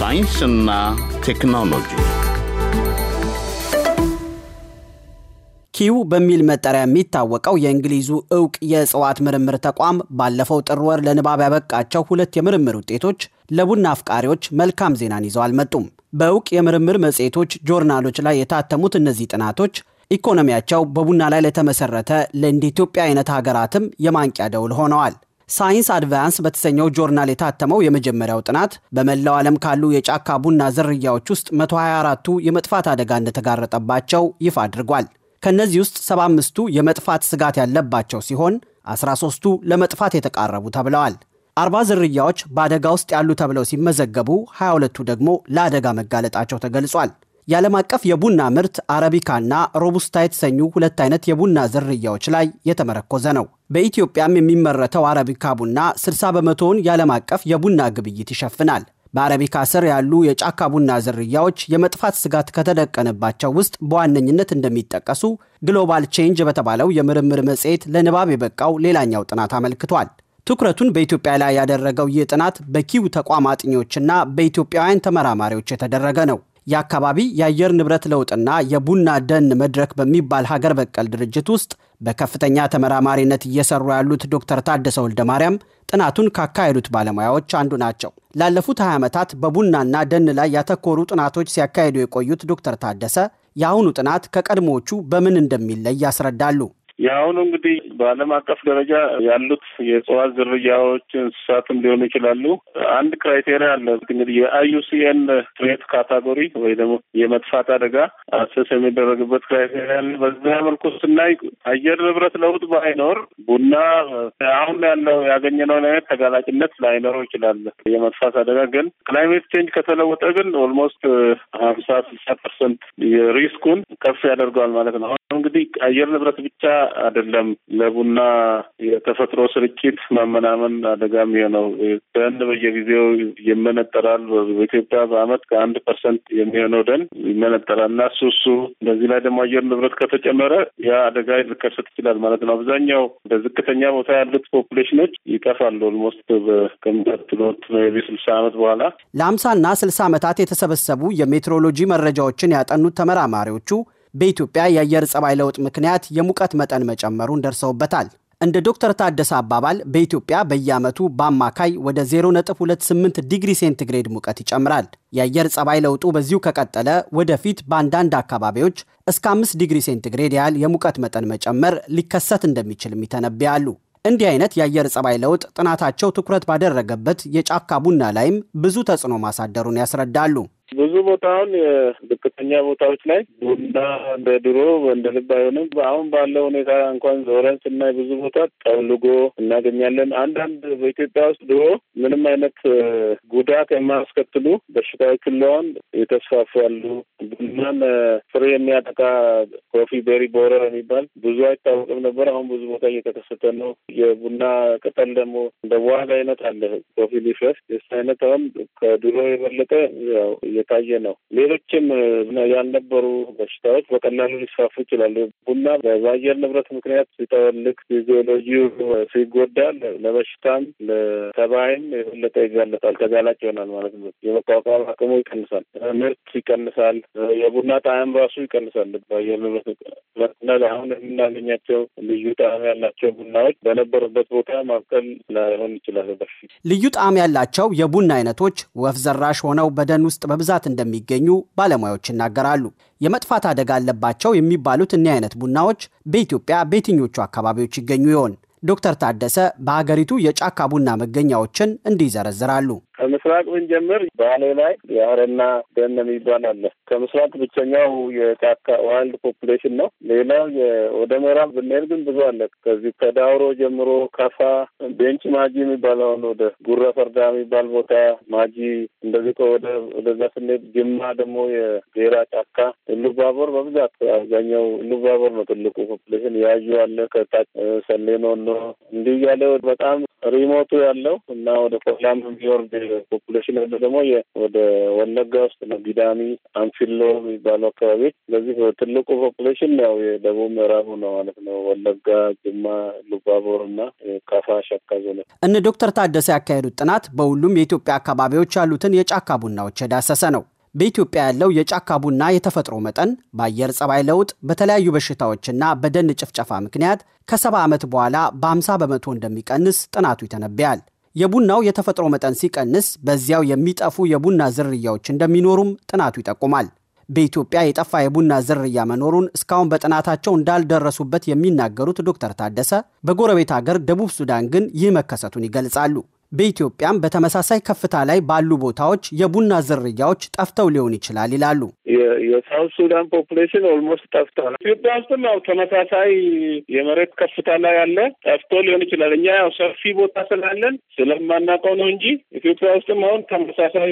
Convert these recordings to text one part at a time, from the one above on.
ሳይንስና ቴክኖሎጂ ኪው በሚል መጠሪያ የሚታወቀው የእንግሊዙ እውቅ የእጽዋት ምርምር ተቋም ባለፈው ጥር ወር ለንባብ ያበቃቸው ሁለት የምርምር ውጤቶች ለቡና አፍቃሪዎች መልካም ዜናን ይዘው አልመጡም። በእውቅ የምርምር መጽሔቶች፣ ጆርናሎች ላይ የታተሙት እነዚህ ጥናቶች ኢኮኖሚያቸው በቡና ላይ ለተመሰረተ ለእንደ ኢትዮጵያ አይነት ሀገራትም የማንቂያ ደውል ሆነዋል። ሳይንስ አድቫንስ በተሰኘው ጆርናል የታተመው የመጀመሪያው ጥናት በመላው ዓለም ካሉ የጫካ ቡና ዝርያዎች ውስጥ 124ቱ የመጥፋት አደጋ እንደተጋረጠባቸው ይፋ አድርጓል። ከእነዚህ ውስጥ 75ቱ የመጥፋት ስጋት ያለባቸው ሲሆን 13ቱ ለመጥፋት የተቃረቡ ተብለዋል። አርባ ዝርያዎች በአደጋ ውስጥ ያሉ ተብለው ሲመዘገቡ 22ቱ ደግሞ ለአደጋ መጋለጣቸው ተገልጿል። የዓለም አቀፍ የቡና ምርት አረቢካና ሮቡስታ የተሰኙ ሁለት አይነት የቡና ዝርያዎች ላይ የተመረኮዘ ነው። በኢትዮጵያም የሚመረተው አረቢካ ቡና 60 በመቶውን የዓለም አቀፍ የቡና ግብይት ይሸፍናል። በአረቢካ ስር ያሉ የጫካ ቡና ዝርያዎች የመጥፋት ስጋት ከተደቀነባቸው ውስጥ በዋነኝነት እንደሚጠቀሱ ግሎባል ቼንጅ በተባለው የምርምር መጽሔት ለንባብ የበቃው ሌላኛው ጥናት አመልክቷል። ትኩረቱን በኢትዮጵያ ላይ ያደረገው ይህ ጥናት በኪው ተቋም አጥኚዎችና በኢትዮጵያውያን ተመራማሪዎች የተደረገ ነው። የአካባቢ የአየር ንብረት ለውጥና የቡና ደን መድረክ በሚባል ሀገር በቀል ድርጅት ውስጥ በከፍተኛ ተመራማሪነት እየሰሩ ያሉት ዶክተር ታደሰ ወልደ ማርያም ጥናቱን ካካሄዱት ባለሙያዎች አንዱ ናቸው። ላለፉት 20 ዓመታት በቡናና ደን ላይ ያተኮሩ ጥናቶች ሲያካሂዱ የቆዩት ዶክተር ታደሰ የአሁኑ ጥናት ከቀድሞዎቹ በምን እንደሚለይ ያስረዳሉ። የአሁኑ እንግዲህ በዓለም አቀፍ ደረጃ ያሉት የእጽዋት ዝርያዎች እንስሳትም ሊሆኑ ይችላሉ። አንድ ክራይቴሪያ አለ እንግዲህ የአዩሲኤን ትሬት ካታጎሪ ወይ ደግሞ የመጥፋት አደጋ አሰስ የሚደረግበት ክራይቴሪያ አለ። በዛ መልኩ ስናይ አየር ንብረት ለውጥ ባይኖር ቡና አሁን ያለው ያገኘነውን አይነት ተጋላጭነት ላይኖረው ይችላል የመጥፋት አደጋ ግን ክላይሜት ቼንጅ ከተለወጠ ግን ኦልሞስት ሀምሳ ስልሳ ፐርሰንት ሪስኩን ከፍ ያደርገዋል ማለት ነው። እንግዲህ አየር ንብረት ብቻ አይደለም። ለቡና የተፈጥሮ ስርጭት ማመናመን አደጋም የሆነው ደን በየጊዜው ይመነጠራል። በኢትዮጵያ በአመት ከአንድ ፐርሰንት የሚሆነው ደን ይመነጠራል እና እሱ እሱ በዚህ ላይ ደግሞ አየር ንብረት ከተጨመረ ያ አደጋ ሊከሰት ይችላል ማለት ነው። አብዛኛው በዝቅተኛ ቦታ ያሉት ፖፑሌሽኖች ይጠፋሉ። ኦልሞስት ከሚቀጥሉት ስልሳ አመት በኋላ ለአምሳና ስልሳ ዓመታት የተሰበሰቡ የሜትሮሎጂ መረጃዎችን ያጠኑት ተመራማሪዎቹ በኢትዮጵያ የአየር ጸባይ ለውጥ ምክንያት የሙቀት መጠን መጨመሩን ደርሰውበታል። እንደ ዶክተር ታደሰ አባባል በኢትዮጵያ በየዓመቱ በአማካይ ወደ 0.28 ዲግሪ ሴንቲግሬድ ሙቀት ይጨምራል። የአየር ጸባይ ለውጡ በዚሁ ከቀጠለ ወደፊት በአንዳንድ አካባቢዎች እስከ 5 ዲግሪ ሴንቲግሬድ ያህል የሙቀት መጠን መጨመር ሊከሰት እንደሚችልም ይተነብያሉ። እንዲህ አይነት የአየር ጸባይ ለውጥ ጥናታቸው ትኩረት ባደረገበት የጫካ ቡና ላይም ብዙ ተጽዕኖ ማሳደሩን ያስረዳሉ። ብዙ ቦታውን የዝቅተኛ ቦታዎች ላይ ቡና እንደ ድሮ እንደ ልብ አይሆንም። አሁን ባለው ሁኔታ እንኳን ዞረን ስናይ ብዙ ቦታ ጠልጎ እናገኛለን። አንዳንድ በኢትዮጵያ ውስጥ ድሮ ምንም አይነት ጉዳት የማያስከትሉ በሽታዎች ሁለውን የተስፋፉ አሉ። ቡናን ፍሬ የሚያጠቃ ኮፊ ቤሪ ቦረር የሚባል ብዙ አይታወቅም ነበር። አሁን ብዙ ቦታ እየተከሰተ ነው። የቡና ቅጠል ደግሞ እንደ ዋህል አይነት አለ። ኮፊ ሊፈስ የስ አይነት አሁን ከድሮ የበለጠ እየታየ ነው። ሌሎችም ያልነበሩ በሽታዎች በቀላሉ ሊስፋፉ ይችላሉ። ቡና በአየር ንብረት ምክንያት ሲጠወልቅ ፊዚዮሎጂ ሲጎዳ ለበሽታም ለተባይም የበለጠ ይጋለጣል፣ ተጋላጭ ይሆናል ማለት ነው። የመቋቋም አቅሙ ይቀንሳል፣ ምርት ይቀንሳል፣ የቡና ጣዕም ራሱ ይቀንሳል። በአየር ንብረት አሁን የምናገኛቸው ልዩ ጣዕም ያላቸው ቡናዎች በነበሩበት ቦታ ማብቀል ላይሆን ይችላል። በፊት ልዩ ጣዕም ያላቸው የቡና አይነቶች ወፍ ዘራሽ ሆነው በደን ውስጥ በብዛት በብዛት እንደሚገኙ ባለሙያዎች ይናገራሉ። የመጥፋት አደጋ አለባቸው የሚባሉት እኒህ አይነት ቡናዎች በኢትዮጵያ በየትኞቹ አካባቢዎች ይገኙ ይሆን? ዶክተር ታደሰ በሀገሪቱ የጫካ ቡና መገኛዎችን እንዲህ ይዘረዝራሉ። ከምስራቅ ብንጀምር ባሌ ላይ የአረና ደን የሚባል አለ። ከምስራቅ ብቸኛው የጫካ ዋይልድ ፖፕሌሽን ነው። ሌላው ወደ ምዕራብ ብንሄድ ግን ብዙ አለ። ከዚህ ከዳውሮ ጀምሮ ከፋ፣ ቤንች ማጂ የሚባለውን ወደ ጉረ ፈርዳ የሚባል ቦታ ማጂ፣ እንደዚህ ወደ ወደዛ ስንሄድ ጅማ ደግሞ የዴራ ጫካ፣ ኢሉባቦር በብዛት አብዛኛው ኢሉባቦር ነው ትልቁ ፖፕሌሽን። ያዩ አለ ከታች ሰሌኖ ነው እንዲህ እያለ በጣም ሪሞቱ ያለው እና ወደ ቆላም የሚወርድ ፖፑሌሽን ያለ ደግሞ ወደ ወለጋ ውስጥ ነው፣ ቢዳሚ አንፊሎ የሚባሉ አካባቢ። ስለዚህ ትልቁ ፖፑሌሽን ያው የደቡብ ምዕራቡ ነው ማለት ነው። ወለጋ፣ ጅማ፣ ሉባቦር እና ካፋ ሸካ ዞኖች። እነ ዶክተር ታደሰ ያካሄዱት ጥናት በሁሉም የኢትዮጵያ አካባቢዎች ያሉትን የጫካ ቡናዎች የዳሰሰ ነው። በኢትዮጵያ ያለው የጫካ ቡና የተፈጥሮ መጠን በአየር ጸባይ ለውጥ በተለያዩ በሽታዎችና በደን ጭፍጨፋ ምክንያት ከሰባ ዓመት በኋላ በ50 በመቶ እንደሚቀንስ ጥናቱ ይተነብያል። የቡናው የተፈጥሮ መጠን ሲቀንስ በዚያው የሚጠፉ የቡና ዝርያዎች እንደሚኖሩም ጥናቱ ይጠቁማል። በኢትዮጵያ የጠፋ የቡና ዝርያ መኖሩን እስካሁን በጥናታቸው እንዳልደረሱበት የሚናገሩት ዶክተር ታደሰ በጎረቤት ሀገር ደቡብ ሱዳን ግን ይህ መከሰቱን ይገልጻሉ። በኢትዮጵያም በተመሳሳይ ከፍታ ላይ ባሉ ቦታዎች የቡና ዝርያዎች ጠፍተው ሊሆን ይችላል ይላሉ። የሳውት ሱዳን ፖፕሌሽን ኦልሞስት ጠፍቷል። ኢትዮጵያ ውስጥም ያው ተመሳሳይ የመሬት ከፍታ ላይ ያለ ጠፍቶ ሊሆን ይችላል። እኛ ያው ሰፊ ቦታ ስላለን ስለማናውቀው ነው እንጂ ኢትዮጵያ ውስጥም አሁን ተመሳሳይ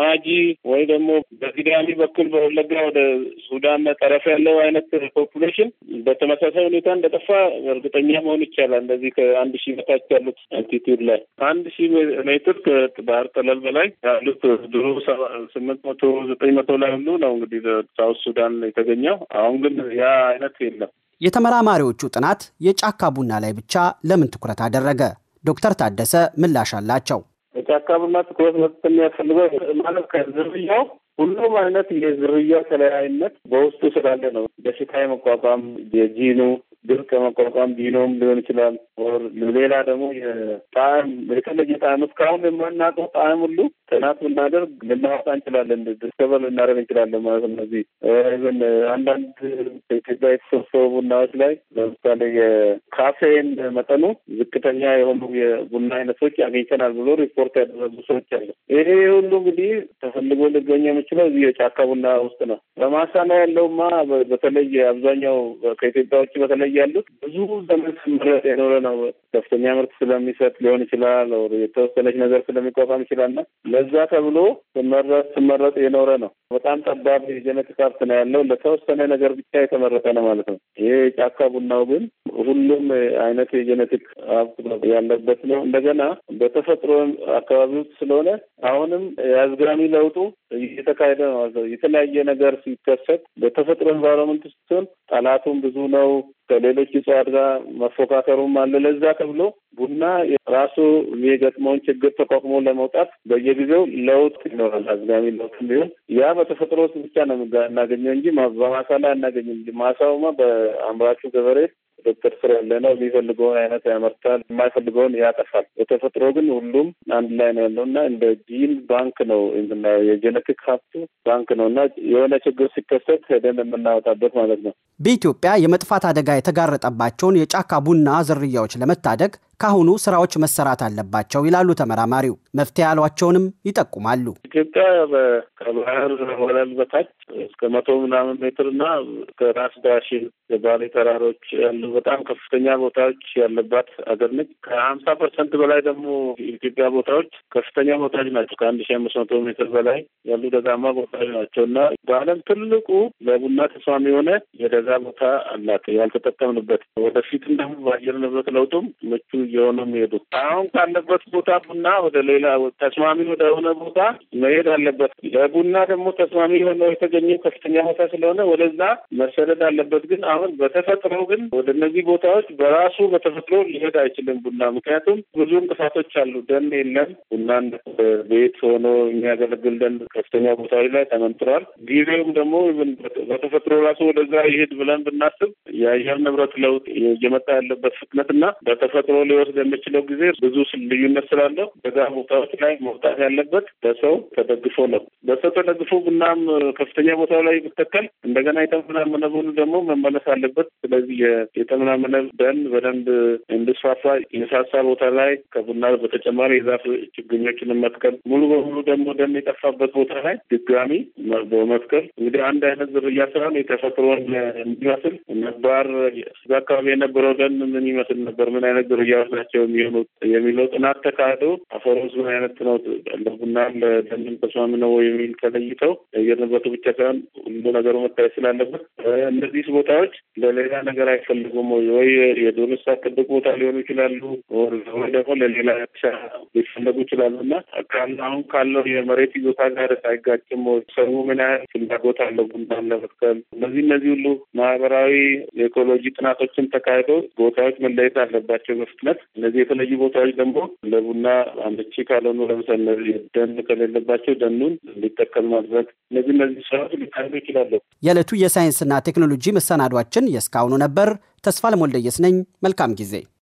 ማጂ ወይ ደግሞ በሲዳሚ በኩል በወለጋ ወደ ሱዳን ጠረፍ ያለው አይነት ፖፕሌሽን በተመሳሳይ ሁኔታ እንደጠፋ እርግጠኛ መሆን ይቻላል። እንደዚህ ከአንድ ሺህ በታች ያሉት አልቲቱድ ላይ አንድ ሺህ ሜትር ከባህር ጠለል በላይ ያሉት ድሮ ስምንት መቶ ዘጠኝ መቶ ላይ ሁሉ ነው እንግዲህ ሳውት ሱዳን የተገኘው። አሁን ግን ያ አይነት የለም። የተመራማሪዎቹ ጥናት የጫካ ቡና ላይ ብቻ ለምን ትኩረት አደረገ? ዶክተር ታደሰ ምላሽ አላቸው። የጫካ ቡና ትኩረት መስጠት የሚያስፈልገው ማለት ከዝርያው ሁሉም አይነት የዝርያ ተለያይነት በውስጡ ስላለ ነው። በሽታ የመቋቋም የጂኑ ድርቅ የመቋቋም ጂኖም ሊሆን ይችላል ሌላ ደግሞ የጣዕም የተለየ ጣዕም እስካሁን የማናውቀው ጣዕም ሁሉ ጥናት ብናደርግ ልናወጣ እንችላለን፣ ዲስከቨር ልናደርግ እንችላለን ማለት ነው። እዚህ ኢቨን አንዳንድ ኢትዮጵያ የተሰበሰቡ ቡናዎች ላይ ለምሳሌ የካፌን መጠኑ ዝቅተኛ የሆኑ የቡና አይነቶች አግኝተናል ብሎ ሪፖርት ያደረጉ ሰዎች አለ። ይሄ ሁሉ እንግዲህ ተፈልጎ ልገኘ የምችለው እዚህ የጫካ ቡና ውስጥ ነው። በማሳ ላይ ያለውማ በተለይ አብዛኛው ከኢትዮጵያ ውጭ በተለይ ያሉት ብዙ ዘመን ስምረት የኖረ ነው ነው ከፍተኛ ምርት ስለሚሰጥ ሊሆን ይችላል። የተወሰነች ነገር ስለሚቋቋም ይችላል እና ለዛ ተብሎ ስመረጥ ስመረጥ የኖረ ነው። በጣም ጠባብ የጀነቲክ ሀብት ነው ያለው። ለተወሰነ ነገር ብቻ የተመረጠ ነው ማለት ነው። ይሄ ጫካ ቡናው ግን ሁሉም አይነት የጀነቲክ ሀብት ያለበት ነው። እንደገና በተፈጥሮ አካባቢ ውስጥ ስለሆነ አሁንም የአዝጋሚ ለውጡ እየተካሄደ ነው ማለት ነው። የተለያየ ነገር ሲከሰት በተፈጥሮ ኤንቫይሮንመንት ስትሆን ጠላቱም ብዙ ነው። ከሌሎች እጽዋት ጋር መፎካከሩም አለ። ለዛ ተብሎ ቡና ራሱ የገጥመውን ችግር ተቋቁሞ ለመውጣት በየጊዜው ለውጥ ይኖራል። አዝጋሚ ለውጥ ቢሆን ያ በተፈጥሮ ውስጥ ብቻ ነው እናገኘው እንጂ በማሳ ላይ አናገኝም። ማሳውማ በአምራቹ ገበሬ ቁጥጥር ስር ያለ ነው። የሚፈልገውን አይነት ያመርታል፣ የማይፈልገውን ያጠፋል። በተፈጥሮ ግን ሁሉም አንድ ላይ ነው ያለው እና እንደ ጂን ባንክ ነው የምናየው። የጄኔቲክ ሀብቱ ባንክ ነው እና የሆነ ችግር ሲከሰት ሄደን የምናወጣበት ማለት ነው። በኢትዮጵያ የመጥፋት አደጋ የተጋረጠባቸውን የጫካ ቡና ዝርያዎች ለመታደግ ካሁኑ ስራዎች መሰራት አለባቸው ይላሉ ተመራማሪው። መፍትሄ ያሏቸውንም ይጠቁማሉ። ኢትዮጵያ ከባህር ወለል በታች እስከ መቶ ምናምን ሜትር እና ከራስ ዳሽን የባሌ ተራሮች ያሉ በጣም ከፍተኛ ቦታዎች ያለባት ሀገር ነች። ከሀምሳ ፐርሰንት በላይ ደግሞ የኢትዮጵያ ቦታዎች ከፍተኛ ቦታዎች ናቸው። ከአንድ ሺ አምስት መቶ ሜትር በላይ ያሉ ደጋማ ቦታዎች ናቸው እና በዓለም ትልቁ ለቡና ተስማሚ የሆነ የደጋ ቦታ አላት ያልተጠቀምንበት። ወደፊትም ደግሞ በአየር ንብረት ለውጡም ምቹ እየሆነ የሚሄዱ አሁን ካለበት ቦታ ቡና ወደ ሌላ ተስማሚ ወደሆነ ቦታ መሄድ አለበት። ለቡና ደግሞ ተስማሚ የሆነው የተገኘው ከፍተኛ ቦታ ስለሆነ ወደዛ መሰደድ አለበት። ግን አሁን በተፈጥሮ ግን ወደ እነዚህ ቦታዎች በራሱ በተፈጥሮ ሊሄድ አይችልም ቡና። ምክንያቱም ብዙ እንቅፋቶች አሉ። ደን የለም። ቡናን ቤት ሆኖ የሚያገለግል ደን ከፍተኛ ቦታዎች ላይ ተመንጥሯል። ጊዜውም ደግሞ በተፈጥሮ ራሱ ወደዛ ይሄድ ብለን ብናስብ የአየር ንብረት ለውጥ እየመጣ ያለበት ፍጥነት እና በተፈጥሮ ሊወስድ የሚችለው ጊዜ ብዙ ልዩነት ስላለው በዛ ቦታዎች ላይ መውጣት ያለበት በሰው ተደግፎ ነው። በሰው ተደግፎ ቡናም ከፍተኛ ቦታ ላይ ብተከል እንደገና የተመናመነ ደግሞ መመለስ አለበት። ስለዚህ ጥምና ደን በደንብ እንድስፋፋ የሳሳ ቦታ ላይ ከቡና በተጨማሪ የዛፍ ችግኞችን መትከል፣ ሙሉ በሙሉ ደግሞ ደን የጠፋበት ቦታ ላይ ድጋሚ በመትከል እንግዲህ አንድ አይነት ዝርያ ስራ የተፈጥሮን እንዲመስል ነባር እዛ አካባቢ የነበረው ደን ምን ይመስል ነበር፣ ምን አይነት ዝርያዎች ናቸው የሚሆኑት የሚለው ጥናት ተካሂዶ አፈሮስ ምን አይነት ነው ለቡና ለደንም ተስማሚ ነው የሚል ተለይተው የአየር ንብረቱ ብቻ ሳይሆን ሁሉ ነገሩ መታየት ስላለበት እነዚህ ቦታዎች ለሌላ ነገር አይፈልጉም ደግሞ ወይ የዶነስ አጠበቅ ቦታ ሊሆኑ ይችላሉ፣ ወይ ደግሞ ለሌላ ሻ ሊፈለጉ ይችላሉ እና አሁን ካለው የመሬት ይዞታ ጋር ሳይጋጭም ሰው ምን ያህል ፍላጎት አለው ቡናን ለመትከል እነዚህ እነዚህ ሁሉ ማህበራዊ የኢኮሎጂ ጥናቶችን ተካሂዶ ቦታዎች መለየት አለባቸው በፍጥነት እነዚህ የተለዩ ቦታዎች ደግሞ ለቡና አመቺ ካልሆኑ ለምሳሌ ደን ከሌለባቸው ደኑን እንዲጠቀም ማድረግ እነዚህ እነዚህ ስራዎች ሊካሄዱ ይችላሉ። የዕለቱ የሳይንስና ቴክኖሎጂ መሰናዷችን የእስካሁኑ ነበር። ተስፋ ለሞልደየስ ነኝ። መልካም ጊዜ